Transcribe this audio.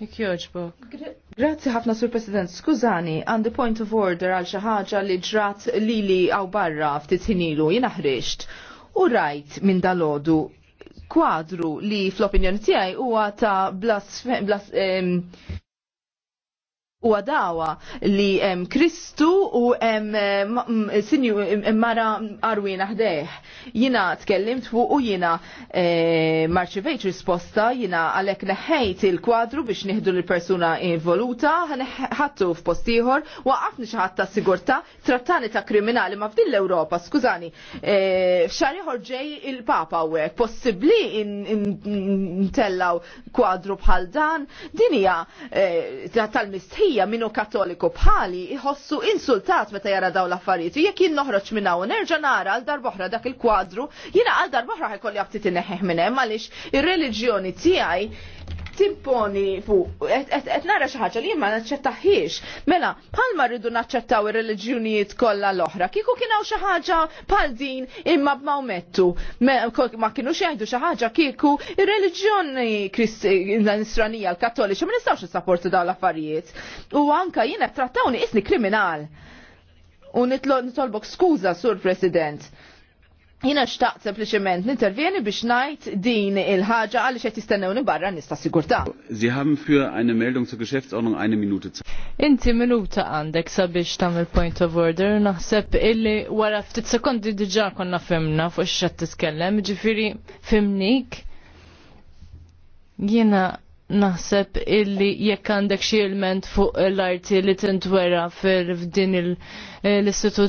Jogħġbok. Grazzi ħafna Sur President. Skużani, għandi point of order għal xi ħaġa li ġrat lili għaw barra ftit ħinilu jiena U rajt minn dalodu kwadru li fl-opinjoni tiegħi huwa ta' blasfem, blas u għadawa li em, Kristu u em, eh, eh, sinju mara arwina ħdeħ. Jina tkellimt fuq u jina e, marċivejt risposta, jina għalek neħejt il-kwadru biex nieħdu l-persuna involuta, ħattu f-postiħor waqafni għafni ta' sigurta, trattani ta' kriminali ma' fdill l-Europa, skużani, e, f'xari ħorġej il-papa u għek, possibli intellaw kwadru bħal dan, dinija e, tal-mistħi il minnu katoliku bħali jħossu insultat meta jara daw l-affarijiet. Jekk jien noħroġ minn hawn nerġa' nara għal darboħra dak il-kwadru, jiena għal darboħra ħajkolli abtit inneħħeħ minn hemm għaliex ir-reliġjoni tiegħi timponi fuq, qed nara xi ħaġa li ma naċċettaħiex. Mela, bħalma rridu naċċettaw ir reliġjonijiet kollha l-oħra, kieku kien hawn xi ħaġa bħal din imma b'Mawmettu. Ma kienux jgħidu xi ħaġa kieku ir-reliġjoni nisranija l-Kattoliċi ma nistgħux nissapportu dawn l-affarijiet. U anka jiena trattawni isni kriminal. U nitolbok skuża, Sur President jina xtaqt sempliciment nintervjeni biex najt din il-ħaġa għalli xe jistennewni barra nista sigurta. Sie haben für eine Meldung zur Geschäftsordnung eine Minute Zeit. Inti minuta għandek sabiex tamil point of order, naħseb illi wara ftit sekondi diġa konna femna fuq t tiskellem, ġifiri femnik. Jina naħseb illi jekk għandek xi ilment fuq l-arti li tintwera fil-din l-istituzzjoni.